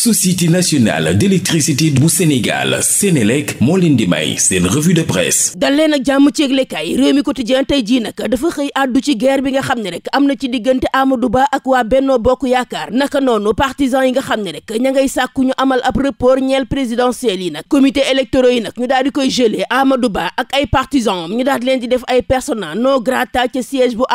société nationale d'électricité bu Sénégal Sénélec moo leen di may seen revue de presse dal leen ak jàmm ci yëglekaay réew mi quotidien jii nag dafa xëy àddu ci guerre bi nga xam ne rek am na ci diggante Amadou Ba ak waa Benno Bokk Yaakaar naka noonu partisans yi nga xam ne rek ña ngay sàkku ñu amal ab report ñeel présidentiel yi nag comité électoraux yi nag ñu daal di koy gelé Amadou Ba ak ay partisans ñu daal di leen di def ay persona non grata ca siège bu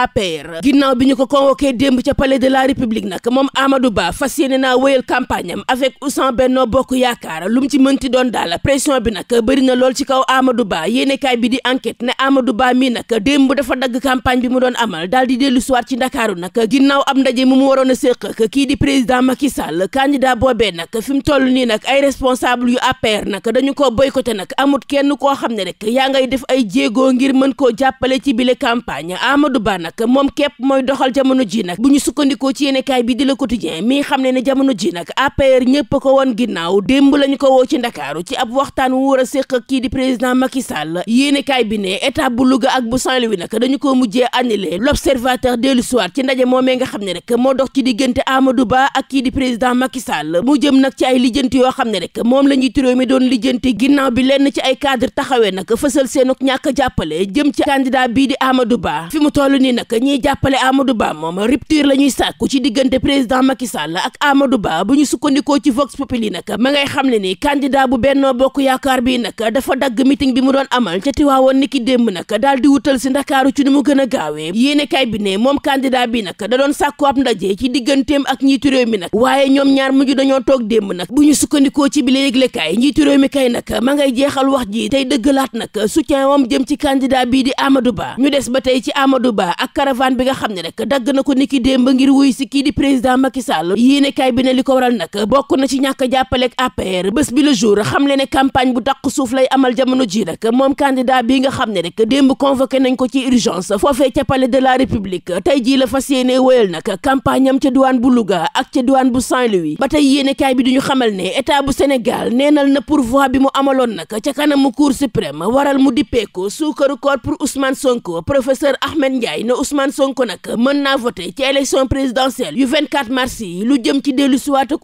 bi ñu ko convoqué démb ca palais de la république nag moom Amadou Ba fas yéene naa wéyal campagne avec ou sans Benno Bokk Yaakaar lu mu ci mënti doon daal pression bi nag bëri na lool ci kaw Amadou Ba yéenekaay bi di enquête ne Amadou Ba mii nag démb dafa dagg campagne bi mu doon amal daal di dellu ci Ndakaaru nag ginnaaw ab ndaje mu mu waroon a kii di président Macky Sall candidat boobee nag fi mu toll nii nag ay responsable yu APR nag dañu ko boycotté nag amut kenn koo xam ne rek yaa ngay def ay jéego ngir mën koo jàppale ci bile campagne Amadou Ba nag moom képp mooy doxal jamono ji nag bu ñu sukkandikoo ci yéenekaay bi di Le Quotidien mi xam ne ne jamono ji nag APR ñépp ko woon ginnaaw démb lañu ko woo ci ndakaaru ci ab waxtaan wu war a séq kii di président Macky Sall yéenekaay bi ne état bu Louga ak bu saint wi nag dañu ko mujjee annulé l'observateur dellu soir ci ndaje moomee nga xam ne rek moo dox ci diggante Amadou Ba ak kii di président Macky Sall mu jëm nag ci ay lijjanti yoo xam ne rek moom la ñuy turóo mi doon lijjanti ginnaaw bi lenn ci ay cadre taxawee nag fësal seenuk ñàkk jàppale jëm ci candidat bii di Amadou Ba fi mu toll nii nag ñiy jàppale Amadou Ba moom rupture la ñuy sàkku ci diggante président Macky ak Amadou ko ci Vox Populi nag ma ngay xam ne ni candidat bu Benno Bokk Yaakaar bi nag dafa dagg mitin bi mu doon amal ca Tiwaawoon niki démb nag daal di wutal si Ndakaaru ci ni mu gën a gaawee yéene kay bi ne moom candidat bi nag da sàkku ab ndaje ci digganteem ak njiitu réew mi nag waaye ñoom ñaar mujj dañoo toog démb nag bu ñu sukkandikoo ci bi la yëglekaay njiitu réew mi kay nag ma ngay jeexal wax ji tey laat nag soutien wam jëm ci candidat bii di amadu Ba ñu des ba tey ci amadu Ba ak caravane bi nga xam ne rek dagg na ko niki démb ngir wuy si kii di président Macky Sall yéene bi ne li ko waral nag kon na ci ñàkk a jàppaleeg APR bés bi le jour xam ne campagne bu dàq suuf lay amal jamono ji nag moom candidat bi nga xam ne rek démb convoqué nañ ko ci urgence foofee ca palais de la république tey jii la fas yéene wéyal nag campagne am ca diwaan bu luga ak ca diwaan bu Saint-Louis ba tey yéenekaay bi du ñu xamal ne état bu Sénégal neenal na pour pourvoi bi mu amaloon nag ca kanam kanamu cour suprême waral mu dippeeku suukaru koor pour Ousmane Sonko professeur Ahmed Ndiaye ne Ousmane Sonko nag mën naa voté ci élection présidentielle yu 24 mars yi lu dellu siwaat ak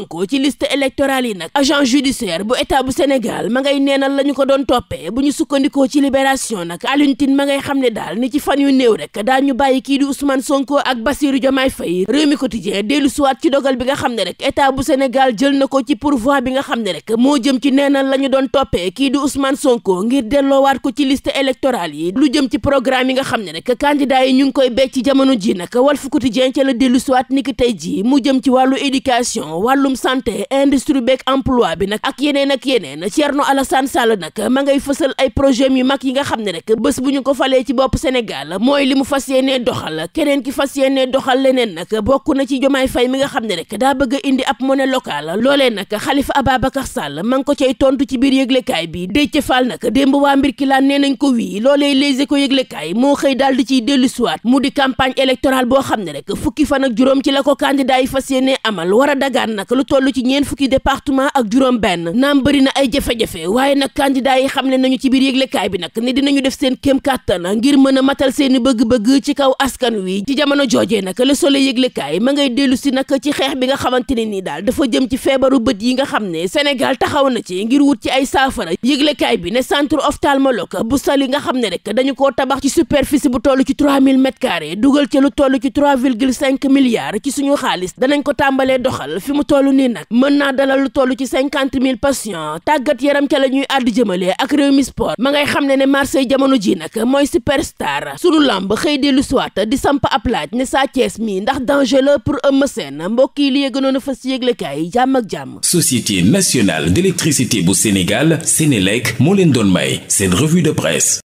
Sonko ci list électorale yi nag agent judiciaire bu état bu Sénégal ma ngay neenal la ñu ko doon toppee bu ñu sukkandikoo ci libération nag alintin Tine ngay xam ne daal ni ci fan yu néew rek daa ñu bàyyi kii di Ousmane Sonko ak Bassirou Diomaye Faye Rewmi Quotidien dellu suwaat ci dogal bi nga xam ne rek état bu Sénégal jël na ko ci pourvoi bi nga xam ne rek moo jëm ci neenal la ñu doon toppee kii di Ousmane Sonko ngir delloowaat ko ci list électorale yi lu jëm ci programme yi nga xam ne rek candidat yi ñu ngi koy becc ci jamono nag Walf Quotidien ca la dellu suwaat ni ki ji mu jëm ci wàllu éducation mbirum santé industrie beeg emploi bi nag ak yeneen ak yeneen Thierno Alassane Sall nag ma ngay ay projet yi nga xam ne rek bés bu ñu ko falee ci bopp Sénégal mooy li mu fas yéenee doxal keneen ki fas yéenee leneen nag bokk na ci Jomaay Fay mi nga xam ne rek daa bëgg a indi ab monnaie locale loolee nag Khalifa ko cay tontu ci biir yëglekaay bi Déthié Fall nag démb waa ko wii loolee moo xëy daal di ciy dellu siwaat mu di campagne électorale boo xam ne rek fukki fan juróom ci la ko candidat yi fas yéenee amal war a dagaan nag lu toll ci ñeen fukki département ak juróom benn naam bëri na ay jafe-jafe waaye nag candidat yi xam ne nañu ci biir yëglekaay bi nag ne dinañu def seen kéem kàttan ngir mën a matal seeni bëgg-bëgg ci kaw askan wi ci jamono joojee nag le soleil yëglekaay ma ngay dellusi si nag ci xeex bi nga xamante ne nii daal dafa jëm ci feebaru bët yi nga xam ne Sénégal taxaw na ci ngir wut ci ay saafara yëglekaay bi ne centre ophtalmologue bu sali nga xam ne rek dañu koo tabax ci superficie bu toll ci 3000 mètres carrés dugal ci lu toll ci 3,5 milliards ci suñu xaalis danañ toll nii nag mën naa dalal lu toll ci cinquante mille patients tàggat yaram ca la ñuy àddu jëmale ak réew mi sport ma ngay xam ne ne Marseille jamono ji nag mooy superstar sunu lamb xëy di lu soit di samp ab laaj ne Sa Thiès mi ndax danger la pour Eumeu Sène mbokk yi li yëgënoon a fas yëglekaay jàmm ak jàmm. Société nationale d'électricité bu Sénégal Sénélec moo leen doon may seen revue de presse.